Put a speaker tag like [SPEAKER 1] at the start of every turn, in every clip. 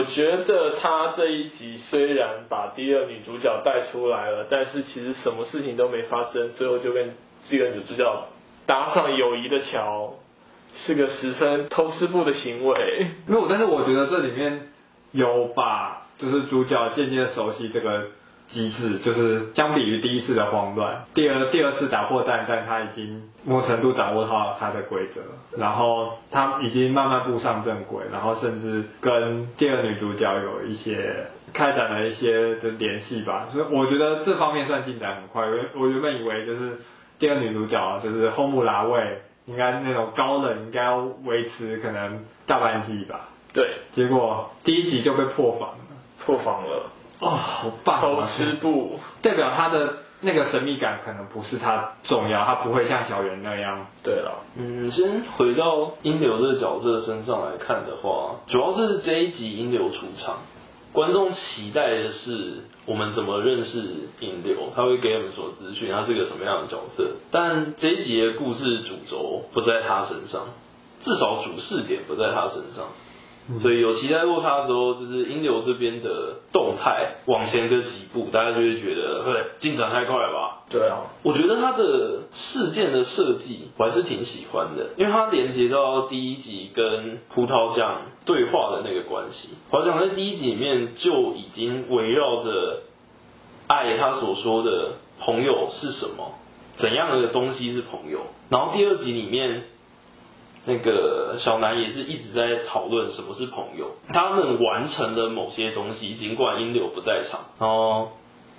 [SPEAKER 1] 我覺得他這一集雖然把第二女主角帶出來了，但是其實什麼事情都沒發生，最後就跟第二女主角搭上友誼
[SPEAKER 2] 的橋，是個十分偷吃步的行為。那我但是我覺得這裡面有把，就是主角漸漸熟悉這個。機制就是相比於第一次的慌亂，第二第二次打破蛋蛋，但他已經某種程度掌握好他的規則，然後他已經慢慢步上正軌，然後甚至跟第二女主角有一些開展了一些的聯繫吧，所以我覺得這方面算進展很快。我我原本以為就是第二女主角、啊、就是後木拉衛應該那種高冷應該要維持可能大半季吧，對，結果第一集就被破防了，破防了。哦，oh, 好棒！都吃不 代表他的那個神秘感可能不是他重要，他不會像小圓那樣。對了，嗯，先回到音流這個角色身上來看的話，主要是這一集
[SPEAKER 1] 音流出場，觀眾期待的是我們怎麼認識音流，他會給我們什麼資訊，他是個什麼樣的角色。但這一集的故事主軸不在他身上，至少主視點不在他身上。所以有期待落差的時候，就是音流這邊的動態往前的幾步，大家就會覺得，對，進展太快了吧？對啊，我覺得他的事件的設計我還是挺喜歡的，因為它連接到第一集跟葡萄醬對話的那個關係。好像在第一集裡面就已經圍繞着愛他所說的“朋友”是什麼，怎樣的東西是朋友，然後第二集裡面。那個小南也是一直在討論什麼是朋友。他們完成了某些東西，儘管音流不在場。哦，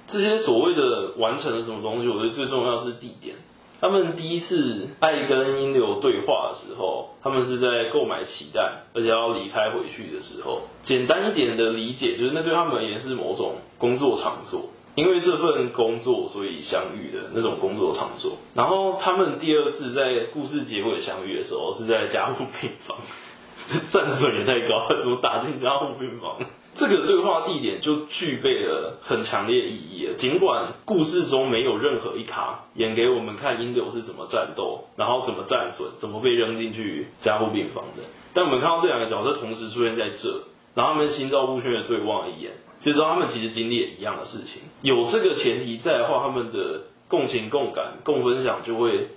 [SPEAKER 1] 這些所謂的完成了什麼東西，我覺得最重要的是地點。他們第一次愛跟音流對話的時候，他們是在購買奇蛋，而且要離開回去的時候。簡單一點的理解，就是那對他們而言是某種工作場所。因為這份工作，所以相遇的那種工作場所。然後他們第二次在故事結尾相遇的時候，是在加護病房。 戰損也太高，都打進加護病房。 這個對話地點就具備了很強烈意義。儘管故事中沒有任何一卡演給我們看櫻流是怎麼戰鬥，然後怎麼戰損，怎麼被扔進去加護病房的。但我們看到這兩個角色同時出現在這，然後他們心照不宣的對望一眼。就是他們其實經歷也一樣的事情，有這個前提在的話，他們的共情、共感、共分享就會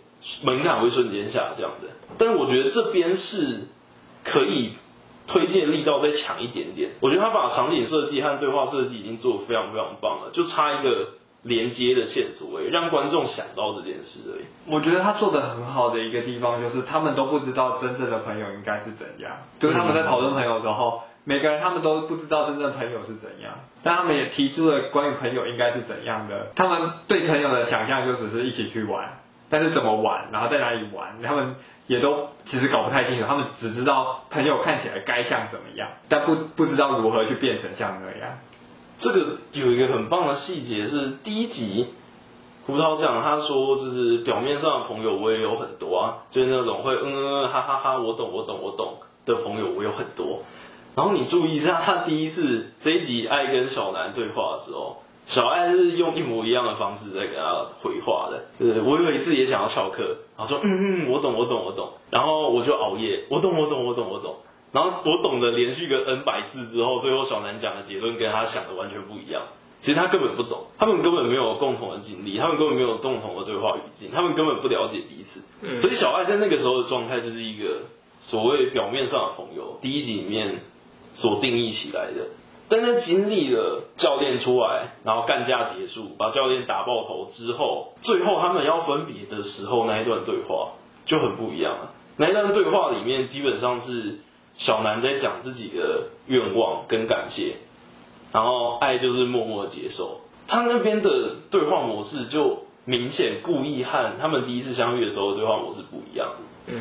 [SPEAKER 1] 門檻會瞬間下降的。但是我覺得這邊是可以推薦力道再強一點點。我覺得他把場景設計和對話設計已經做得非常非常棒了，就差一個連
[SPEAKER 2] 接的線索而已，讓觀眾想到這件事而已。我覺得他做得很好的一個地方就是，他們都不知道真正的朋友應該是怎樣，就是他們在討論朋友的時候。每個人他們都不知道真正朋友是怎樣，但他們也提出了關於朋友應該是怎樣的。他們對朋友的想象就只是一起去玩，但是怎麼玩，然後在哪裡玩，他們也都其實搞不太清楚。他們只知道朋友看起來該像怎麼樣，但不不知道如何去變成像那樣。這個有一個很棒的細節是第一集，
[SPEAKER 1] 胡桃講他說，就是表面上的朋友我也有很多啊，就是那種會嗯嗯哈哈哈哈我懂我懂我懂的朋友我有很多。然後你注意一下，他第一次這一集愛跟小南對話的時候，小愛是用一模一樣的方式在給他回話的。對，我有一次也想要翹課，然後說嗯嗯嗯，我懂我懂我懂，然後我就熬夜，我懂我懂我懂我懂，然後我懂得連續個 N 百次之後，最後小南講的結論跟他想的完全不一樣。其實他根本不懂，他們根本沒有共同的經歷，他們根本沒有共同的對話語境，他們根本不了解彼此。所以小愛在那個時候的狀態就是一個所謂表面上的朋友。第一集裡面。所定義起來的，但在經歷了教練出來，然後幹架結束，把教練打爆頭之後，最後他們要分別的時候，那一段對話就很不一樣了。那一段對話裡面，基本上是小南在講自己的願望跟感謝，然後愛就是默默的接受。他那邊的對話模式就明顯故意和他們第一次相遇的時候的對話模式不一樣。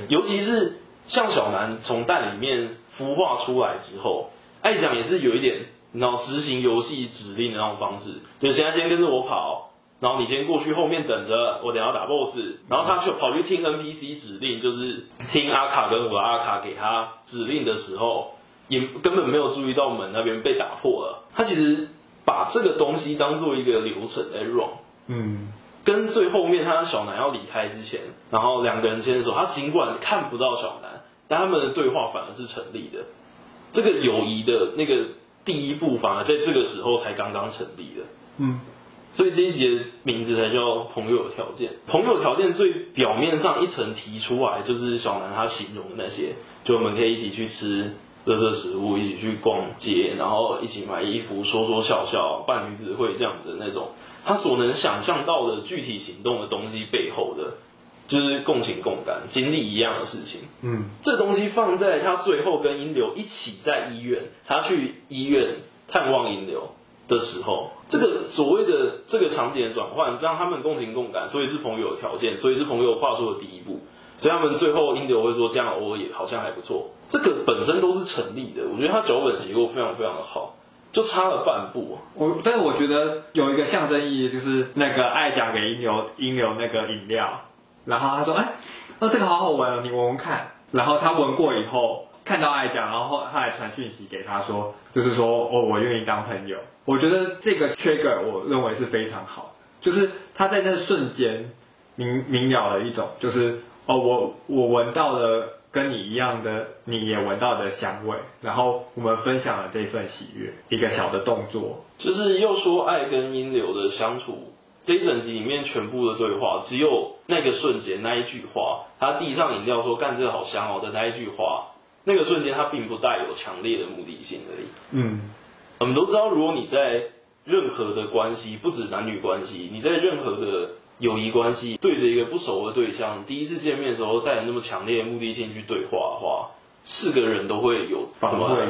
[SPEAKER 1] 尤其是像小南從蛋裡面。孵化出來之後，艾醬也是有一點，然後執行遊戲指令的那種方式，就現在先跟着我跑，然後你先過去後面等着，我等下打 boss，然後他就跑去聽 NPC 指令，就是聽阿卡跟我的阿卡給他指令的時候，也根本沒有注意到門那邊被打破了，他其實把這個東西當做一個流程，哎，run 嗯，跟最後面他小南要離開之前，然後兩個人牽手，他儘管看不到小南。但他們的對話反而是成立的，這個友誼的那個第一步反而在這個時候才剛剛成立的。嗯，所以這一集名字才叫朋《朋友條件》。朋友條件最表面上一層提出來，就是小南他形容的那些，就我們可以一起去吃熱熱食物，一起去逛街，然後一起買衣服，說說笑笑，辦女子會這樣子的那種。他所能想象到的具體行動的東西背後的。就是共情共感，經歷一樣的事情。嗯，這個東西放在他最後跟音流一起在醫院，他去醫院探望音流的時候，這個所謂的這個場景的轉換，讓他們共情共感，所以是朋友的條件，所以是朋友話說的第一步。所以他們最後音流會說，這樣偶爾也好像還不錯。這個本身都是成立的，我覺得他腳本結構非常
[SPEAKER 2] 非常的好，就差了半步。我，但是我覺得有一個象徵意義，就是那個愛講給音流，音流那個飲料。然後他說：“哎，哦，這個好好聞哦，你聞聞看。”然後他聞過以後，看到愛講，然後，後來他來傳訊息給他說：“就是說，哦，我願意當朋友。”我覺得這個 trigger 我認為是非常好，就是他在那瞬間明明了了一種，就是哦，我我聞到了跟你一樣的，你也聞到的香味，然後我們分享了這份喜悅，一個小的動作，就是又說愛跟音流的相處。這
[SPEAKER 1] 一整集裡面全部的對話，只有那個瞬間那一句話，他遞上飲料說幹“乾這個好香哦”的那一句話，那個瞬間他並不帶有強烈的目的性而已。
[SPEAKER 2] 嗯、
[SPEAKER 1] 啊，我們都知道，如果你在任何的關係，不止男女關係，你在任何的友誼關係，對着一個不熟的對象，第一次見面的時候帶有那麼強烈的目的性去對話的話，是個人都會有什麼關係？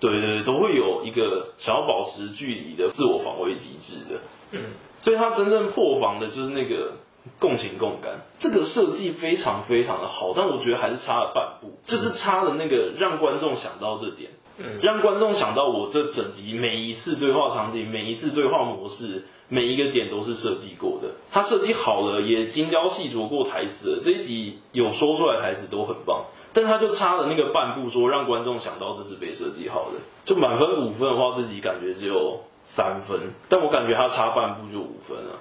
[SPEAKER 1] 對對對，都會有一個想要保持距離的自我防衛機制的。嗯所以他真正破防的就是那個共情共感，這個設計非常非常的好，但我覺得還是差了半步，嗯、就是差了那個讓觀眾想到這點，讓、嗯、讓觀眾想到我這整集每一次對話場景、每一次對話模式、每一個點都是設計過的，他設計好了也精雕細琢過台詞，這一集有說出來台詞都很棒，但他就差了那個半步，說讓觀眾想到這是被設計好的，就滿分五分的話，自己感覺只有。三分，但我感覺他差半步就五分了。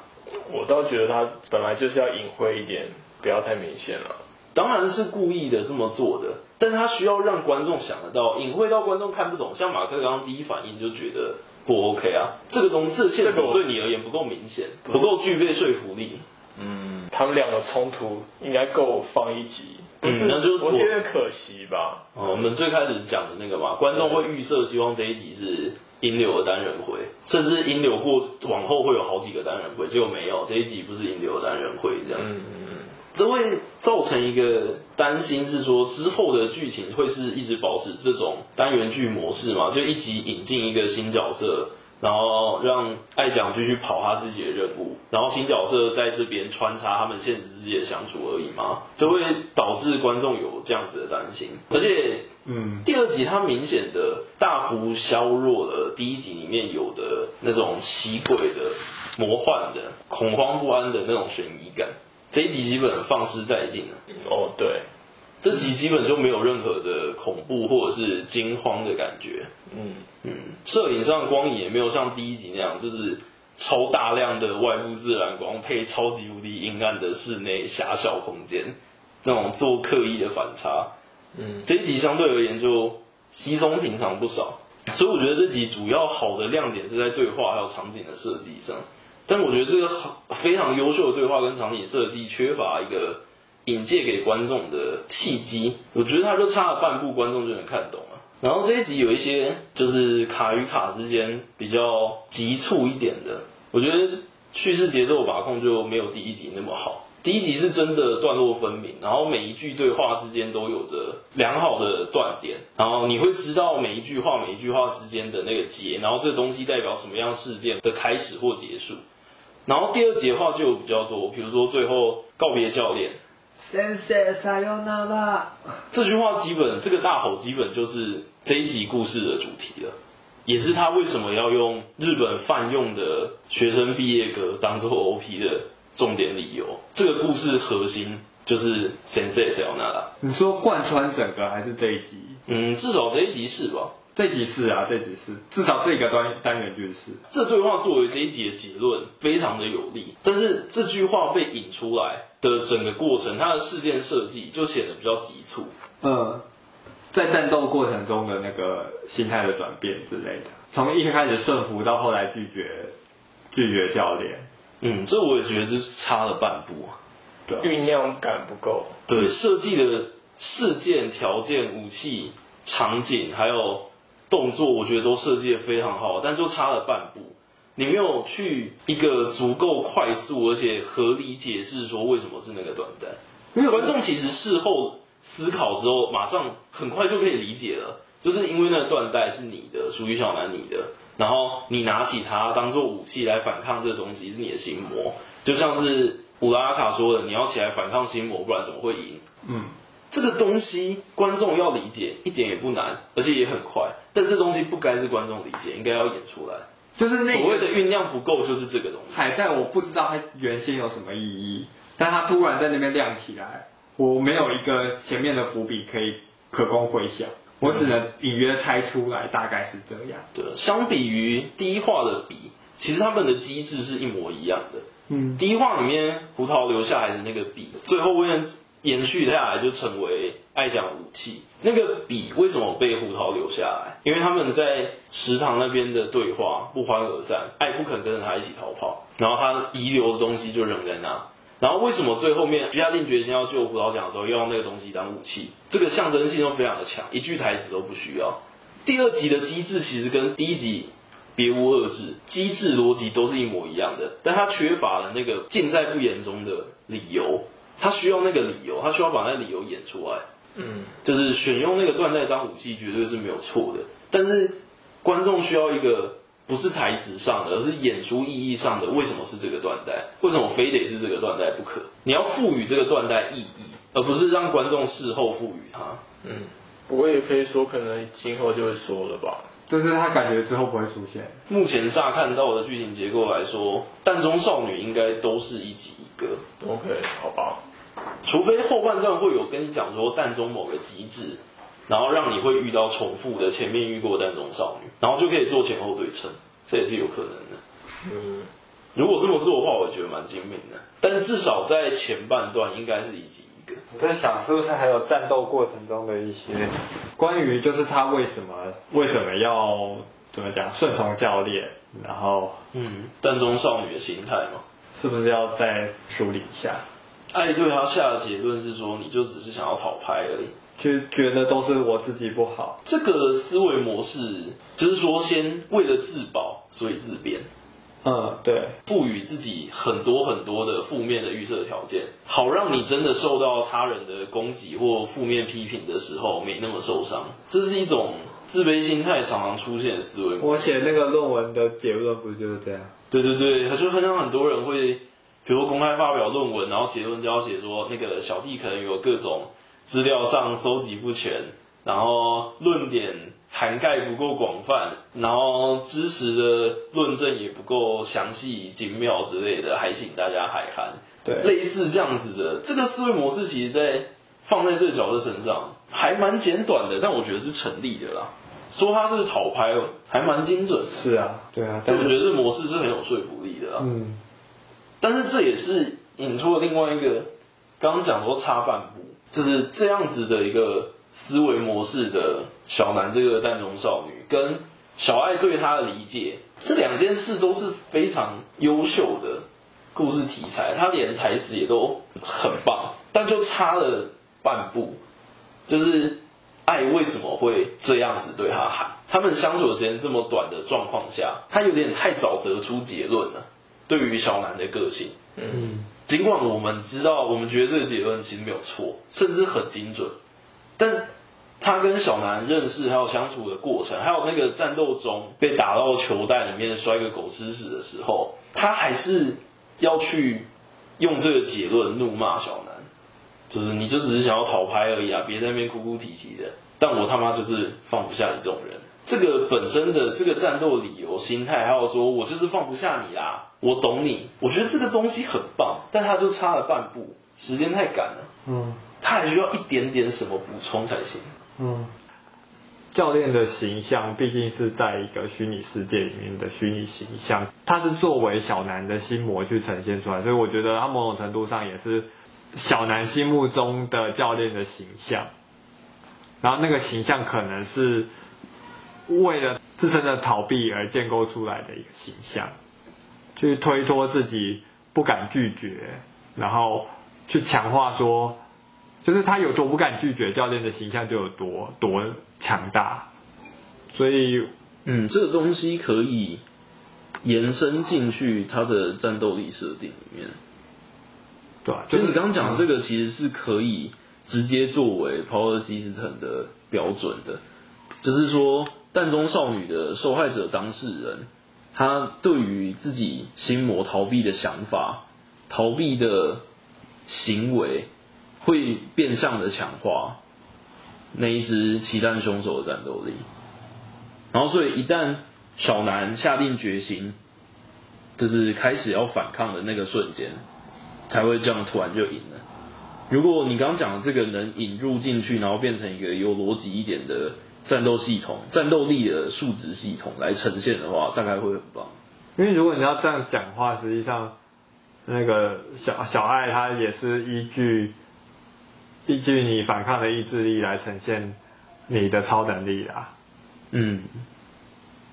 [SPEAKER 1] 我倒覺得他本來就是要隱晦一點，不要太明顯了。當然是故意的這麼做的，但是他需要讓觀眾想得到，隱晦到觀眾看不懂。像馬克剛剛第一反應就覺得不 OK 啊，這個東西這線索這對你而言不夠明顯，不夠具備說服力。嗯，他們兩個衝突應該夠放一集，嗯嗯、那就是？我覺得可惜吧。嗯、我們最開始講的那個嘛，觀眾會預設希望這一集是。引流的單元回，甚至引流過往後會有好幾個單元回，結果沒有，這一集不是引流的單元回這樣，嗯嗯嗯，這會造成一個擔心是說之後的劇情會是一直保持這種單元劇模式嘛，就一集引進一個新角色。然後讓愛醬繼續跑他自己的任務，然後新角色在這邊穿插他們現實世界的相處而已嘛，這會導致觀眾有這樣子的擔心，而且，嗯，第二集它明顯的大幅削弱了第一集裡面有的那種奇詭的、魔幻的、恐慌不安的那種懸疑感，這一集基本喪失殆盡了。哦，對。這集基本就沒有任何的恐怖或者是驚慌的感覺，嗯嗯，嗯攝影上的光影也沒有像第一集那樣，就是超大量的外部自然光配超級無敵陰暗的室內狹小空間，那種做刻意的反差，嗯，這集相對而言就稀鬆平常不少，所以我覺得這集主要好的亮點是在對話還有場景的設計上，但我覺得這個好非常優秀的對話跟場景設計缺乏一個。引介給觀眾的契機，我覺得他就差了半步，觀眾就能看懂了。然後這一集有一些就是卡與卡之間比較急促一點的，我覺得敘事節奏把控就沒有第一集那麼好。第一集是真的段落分明，然後每一句對話之間都有着良好的斷點，然後你會知道每一句話、每一句話之間的那個結，然後這個東西代表什麼樣事件的開始或結束。然後第二集的話就有比較多，比如說最後告別教練。
[SPEAKER 2] 先生，さよなら。這句話基
[SPEAKER 1] 本這個大吼基本就是這一集故事的主題了，也是他為什麼要用日本泛用的學生畢業歌當做 OP 的重點理由。這個故事核心就是先生，さよなら。你說貫穿整個還是這一集？嗯，至少這一集是吧？這一集是啊，這一集是，至少這個單單元就是。這句話作為這一集的結論，非常的有力。但是這句話被引出來的整個過程，他的事件設計就顯得比較
[SPEAKER 2] 急促。嗯，在戰鬥過程中的那個心態的轉變之類的，從一開始順服到後來拒絕拒絕教練。嗯，這我也覺得就是差了半步，對。醞釀感不夠。對，設計的
[SPEAKER 1] 事件、條件、武器、場景還有動作，我覺得都設計的非常好，但就差了半步。你沒有去一個足夠快速，而且合理解釋說為什麼是那個緞帶。那個、觀眾其實事後思考之後，馬上很快就可以理解了，就是因為那個緞帶是你的，屬於小南你的，然後你拿起它當做武器來反抗這個東西，是你的心魔。就像是烏拉阿卡說的，你要起來反抗心魔，不然怎麼會贏？嗯，這個東西觀眾要理解一點也不難，而且也很快，但這東西不該是
[SPEAKER 2] 觀眾理解，應該要演出來。就是那所謂的醞釀不夠，就是這個東西。海在我不知道它原先有什麼意義，但它突然在那邊亮起來，我沒有一個前面的伏筆可以可供回想，嗯、我只能隱約猜出來大概是這樣。對，相比於第一話的筆，其實他們的機制是一模一樣的。
[SPEAKER 1] 嗯，第一話裡面胡桃留下來的那個筆，嗯、最後威廉。延續下來就成為愛講武器。那個筆為什麼被胡桃留下來？因為他們在食堂那邊的對話不歡而散，愛不肯跟着他一起逃跑，然後他遺留的東西就扔在那。然後為什麼最後面下定決心要救胡桃講的時候，要用那個東西當武器？這個象徵性又非常的強，一句台詞都不需要。第二集的機制其實跟第一集別無二致，機制邏輯都是一模一樣的，但他缺乏了那個盡在不言中的理由。他需要那個理由，他需要把那個理由演出來。嗯，就是選用那個緞帶當武器，絕對是沒有錯的。但是觀眾需要一個不是台詞上的，而是演出意義上的。為什麼是這個緞帶？為什麼非得是這個緞帶不可？你要賦予這個緞帶意義，而不是讓觀眾事後賦予它。
[SPEAKER 2] 嗯，
[SPEAKER 1] 我也可以說，可能今後就會說了吧。
[SPEAKER 2] 就是他感覺之後不會出現。
[SPEAKER 1] 目前乍看到的劇情結構來說，蛋中少女應該都是一集一個。OK，好吧，除非後半段會有跟你講說蛋中某個機制，然後讓你會遇到重複的前面遇過蛋中少女，然後就可以做前後對稱，這也是有可能的。嗯，如果這麼做的話，我覺得蠻精明的。但至少在前半段應該是一集。我在想，是
[SPEAKER 2] 不是還有戰鬥過程中的一些關於，就是他為什麼為什麼要怎麼講順從教練，然後嗯，蛋中少女的心態嘛，是不是
[SPEAKER 1] 要再梳理一下？哎對，對他下的結論是說，你就只是想要討拍而已，
[SPEAKER 2] 就覺得都是我自己不好，
[SPEAKER 1] 這個思維模式就是說，先為了自保，所以自貶。
[SPEAKER 2] 嗯，對，賦予自己很多
[SPEAKER 1] 很多的負面的預設條件，好讓你真的受到他人的攻擊或負面批評的時候沒那麼受傷。這是一種自卑心態常常出現的思維。我寫那
[SPEAKER 2] 個論文的結論不就是這樣？
[SPEAKER 1] 對對對，他就很像很多人會，比如公開發表論文，然後結論就要寫說那個小弟可能有各種資料上收集不全。然後論點涵蓋不夠廣泛，然後知識的論證也不夠詳細精妙之類的，還請大家海涵。對，類似這樣子的，這個思維模式其實在放在這個角色身上還蠻簡短的，但我覺得是成立的啦。說他是討拍，還蠻精準。是啊，對啊，我覺得這模式是很有說服力的啦。嗯，但是這也是引出了另外一個，剛剛講說差半步，就是這樣子的一個。思維模式的小南，這個淡中少女跟小愛對她的理解，這兩件事都是非常優秀的故事題材，他連台詞也都很棒，但就差了半步，就是愛為什麼會這樣子對他喊？他們相處的時間這麼短的狀況下，他有點太早得出結論了。對於小南的個性，嗯，儘管我們知道，我們覺得這個結論其實沒有錯，甚至很精準。但他跟小南認識還有相處的過程，還有那個戰鬥中被打到球袋裡面摔個狗吃屎的時候，他還是要去用這個結論怒罵小南，就是你就只是想要討拍而已啊，別在那邊哭哭啼啼的。但我他媽就是放不下你這種人，這個本身的這個戰鬥理由、心態，還有說我就是放不下你啊。我懂你，我覺得這個東西很棒，但他就差了半步，時間太趕了，嗯。他還需要一點點
[SPEAKER 2] 什麼補充才行？嗯，教練的形象畢竟是在一個虛擬世界裡面的虛擬形象，他是作為小南的心魔去呈現出來，所以我覺得他某種程度上也是小南心目中的教練的形象。然後那個形象可能是為了自身的逃避而建構出來的一個形象，去推脫自己不敢拒絕，然後去強化說。就是他有多不敢拒絕教練的形象就有多多強大，所以
[SPEAKER 1] 嗯，這個東西可以延伸進去他的戰鬥力設定裡面，對吧？啊？就，就你剛剛講的這個其實是可以直接作為 power system 的標準的，就是說蛋中少女的受害者當事人，他對於自己心魔逃避的想法、逃避的行為。會變相的強化那一隻奇蛋凶手的戰鬥力，然後所以一旦小南下定決心，就是開始要反抗的那個瞬間，才會這樣突然就贏了。如果你剛講的這個能引入進去，然後變成一個有邏輯一點的戰鬥系統、戰鬥力的數值系統來呈現的話，大概會很棒。
[SPEAKER 2] 因為如果你要這樣講話，實際上那個小小愛他也是依據。依據你反抗的意志力來呈現你的超能力啦。嗯，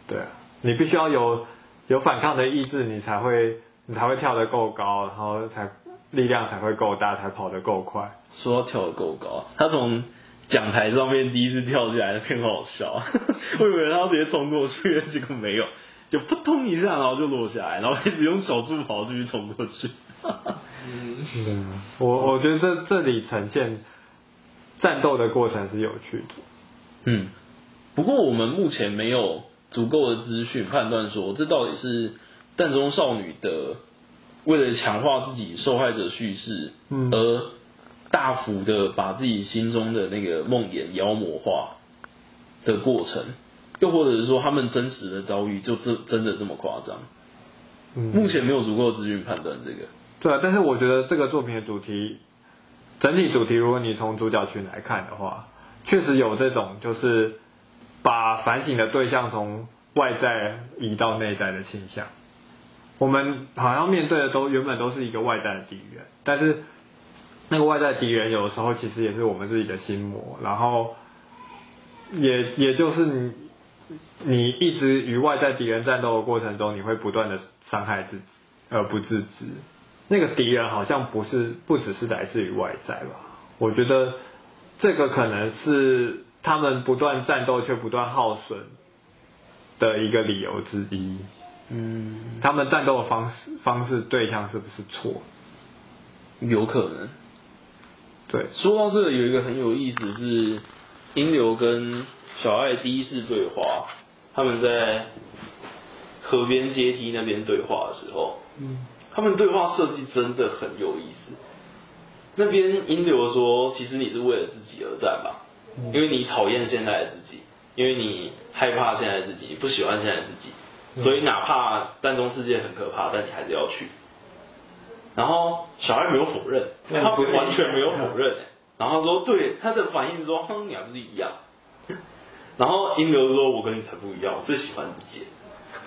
[SPEAKER 2] 對啊，你必須要有有反抗的意志，你才會你才會跳得夠高，然後才力量才會夠大，才跑得夠快。說跳得夠高，他從講台上面第一次跳起來，很好笑， 我以為他要直接衝過去，結果沒有，就撲通一下，然後就落下來，然後一直用手助跑繼續衝過去。哈哈， 嗯，我我覺得這這裡呈現戰鬥的過程是有趣的，嗯，不過我們目前沒有足夠
[SPEAKER 1] 的資訊判斷說這到底是蛋中少女的為了強化自己受害者敘事，嗯，而大幅的把自己心中的那個夢魘妖魔化的過程，又或者是說他們真實
[SPEAKER 2] 的遭遇就這真的這麼誇張？目前沒有足夠的資訊判斷這個。對啊，但是我覺得這個作品的主題，整體主題，如果你從主角群來看的話，確實有這種就是把反省的對象從外在移到內在的傾向。我們好像面對的都原本都是一個外在的敵人，但是那個外在敵人有的時候其實也是我們自己的心魔，然後也也就是你你一直與外在敵人戰鬥的過程中，你會不斷的傷害自己而不自知。那個敵人好像不是不只是來自於外在吧？我覺得這個可能是他們不斷戰鬥卻不斷耗損的一個理由之一。嗯，他們戰鬥的方式、方式對象是不是錯？有可能。對，說到這裡有一個很有意思
[SPEAKER 1] 是，是英流跟小愛第一次對話，他們在河邊階梯那邊對話的時候。嗯。他們對話設計真的很有意思。那邊英流說：“其實你是為了自己而戰吧，因為你討厭現在的自己，因為你害怕現在的自己，你不喜歡現在的自己，所以哪怕蛋中世界很可怕，但你還是要去。”然後小孩沒有否認，他完全沒有否認。然後說：“對，他的反應是說，哼，你還不是一樣。”然後英流說：“我跟你才不一樣，我最喜歡你姐。”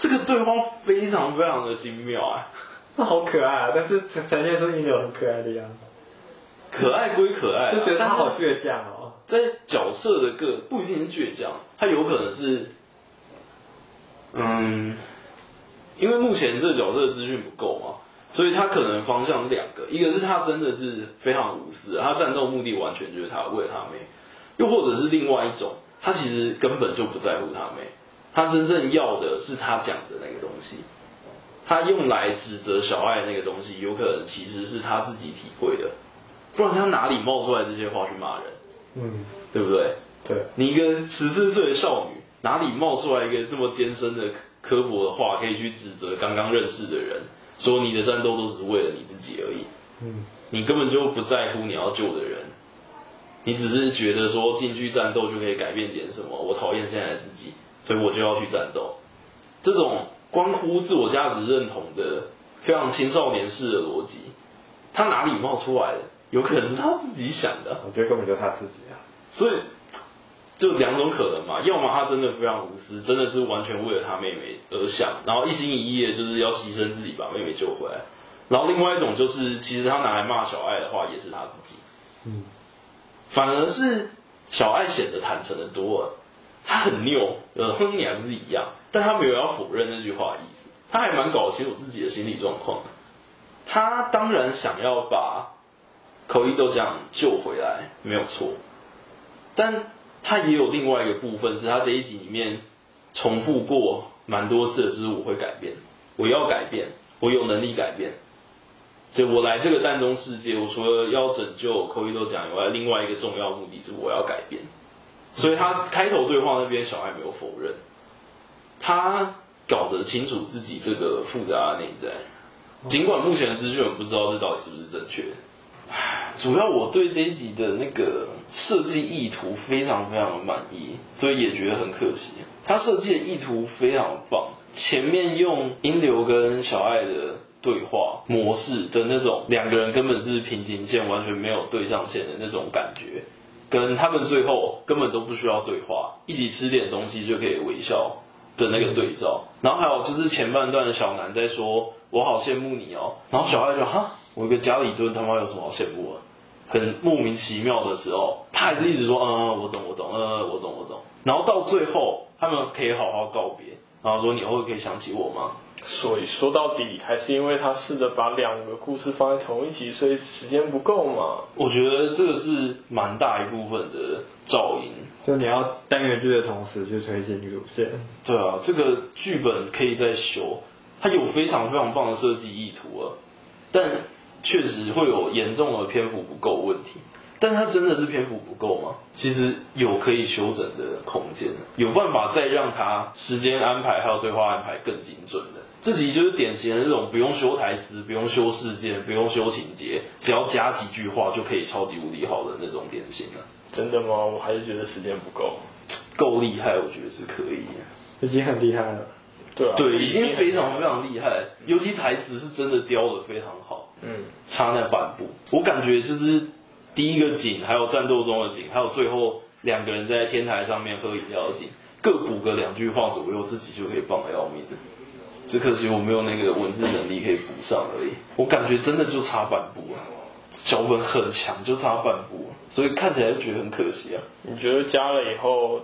[SPEAKER 2] 這個對話非常非常的精妙啊、哎。他好可愛，啊，但是呈現出一種很可愛的樣子。可愛歸可愛啊，就覺得他好倔強哦。
[SPEAKER 1] 在角色的個不一定是倔強，他有可能是，嗯，嗯，因為目前這個角色資訊不夠嘛，所以他可能方向是兩個，一個是他真的是非常無私的，他戰鬥目的完全就是他為了他妹；又或者是另外一種，他其實根本就不在乎他妹，他真正要的是他講的那個東西。他用來指責小愛那個東西，有可能其實是他自己體會的，不然他哪裡冒出來這些話去罵人？嗯，對不對？對，你一個十四歲的少女，哪裡冒出來一個這麼艱深的刻薄的話，可以去指責剛剛認識的人？說你的戰鬥都只是為了你自己而已，嗯，你根本就不在乎你要救的人，
[SPEAKER 2] 你只是
[SPEAKER 1] 覺得說進去戰鬥就可以改變點什麼。我討厭現在的自己，所以我就要去戰鬥，這種。關乎自我價值認同的非常青少年式的邏輯，他哪裡冒出來的？有可能是他自
[SPEAKER 2] 己想的。我覺得根本就他自己啊。
[SPEAKER 1] 所以就兩種可能嘛，要麼他真的非常無私，真的是完全為了他妹妹而想，然後一心一意的就是要犧牲自己把妹妹救回來。然後另外一種就是，其實他拿來罵小愛的話，也是他自己。嗯，反而是小愛顯得坦誠的多了。他很拗，呃，哼，也還不是一樣，但他沒有要否認那句話的意思。他還蠻搞清楚自己的心理狀況。他當然想要把小糸醬救回來，沒有錯。但他也有另外一個部分，是他這一集裡面重複過蠻多次的就是，我會改變，我要改變，我有能力改變。就我來這個蛋中世界，我除了要拯救小糸醬以外，另外一個重要目的是我要改變。所以他開頭對話那邊，小愛沒有否認，他搞得清楚自己這個複雜的內在，儘管目前的資訊我不知道這到底是不是正確。主要我對這一集的那個設計意圖非常非常的滿意，所以也覺得很可惜。他設計的意圖非常棒，前面用音流跟小愛的對話模式的那種，兩個人根本是平行線，完全沒有對上線的那種感覺。跟他們最後根本都不需要對話，一起吃點東西就可以微笑的那個對照。然後還有就是前半段的小南在說：“我好羨慕你哦。”然後小愛就哈，我跟家裡蹲他媽有什麼好羨慕啊？很莫名其妙的時候，他還是一直說：“嗯，我懂，我懂，嗯，我懂，我懂。我懂”，然後到最後，他們可以好好告別，然後說：“你以後可以想起我嗎？”所以說到底還是因為他試着把兩個故事
[SPEAKER 2] 放在同一集，所以時間不夠嘛。我
[SPEAKER 1] 覺得這個是蠻大一部分的噪音，就你要單元劇的同時去推進主線。對啊，這個劇本可以再修，它有非常非常棒的設計意圖啊，但確實會有嚴重的篇幅不夠問題。但它真的是篇幅不夠嗎？其實有可以修整的空間，有辦法再讓它時間安排還有對話安排更精準的。自己就是典型的那種不用修台詞、不用修事件、不用修情節，只要加幾句話就可以超級無敵好的那種典型了、啊。真的嗎？我還是覺得時間不夠。夠厲害，我覺得是可以、啊。
[SPEAKER 2] 已經很厲害了。對啊。對，已經非常非
[SPEAKER 1] 常厲害。尤其台詞是真的雕得非常好。嗯。差那半步，我感覺就是第一個景，還有戰鬥中的景，還有最後兩個人在天台上面喝飲料的景，各補個兩句話左右，所以自己就可以棒得要命。只可惜我沒有那個文字能力可以補上而已，我感覺真的就差半步啊，腳本很強，就差半步，所以看起來就覺得很可惜啊。你覺得加了以後，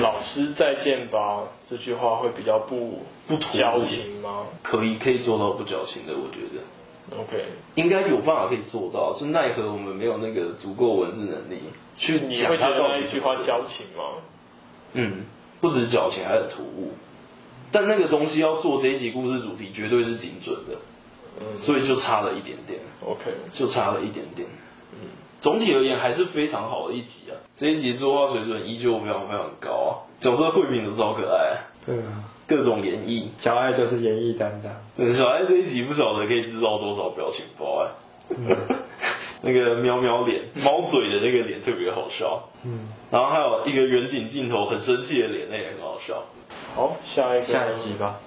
[SPEAKER 1] 老師再見吧這句話會比較不不矯情嗎？可以，可以做到不矯情的，我覺得。OK，應該有辦法可以做到，就奈何我們沒有那個足夠文字能力去講，你會覺得那一句話矯情嗎？嗯，不止矯情，還有突兀。但那個東西要做這一集故事主題，絕對是精準的，嗯、所以就差了一點點。OK，就差了一點點。
[SPEAKER 2] 總、
[SPEAKER 1] 嗯、總體而言還是非常好的一集啊！嗯、這一集作畫水準依舊非常非常高啊！角色繪品都超可愛、啊。對啊，各種
[SPEAKER 2] 演繹、嗯，小愛都是演繹擔當。
[SPEAKER 1] 對，小愛這一集不曉得可以製造多少表情包啊、欸。嗯、 那個喵喵臉、貓嘴的那個臉特別好笑。嗯，然後還有一個遠景鏡頭，很生氣的臉，那也很好笑。
[SPEAKER 2] 好，下一個。下一
[SPEAKER 1] 個吧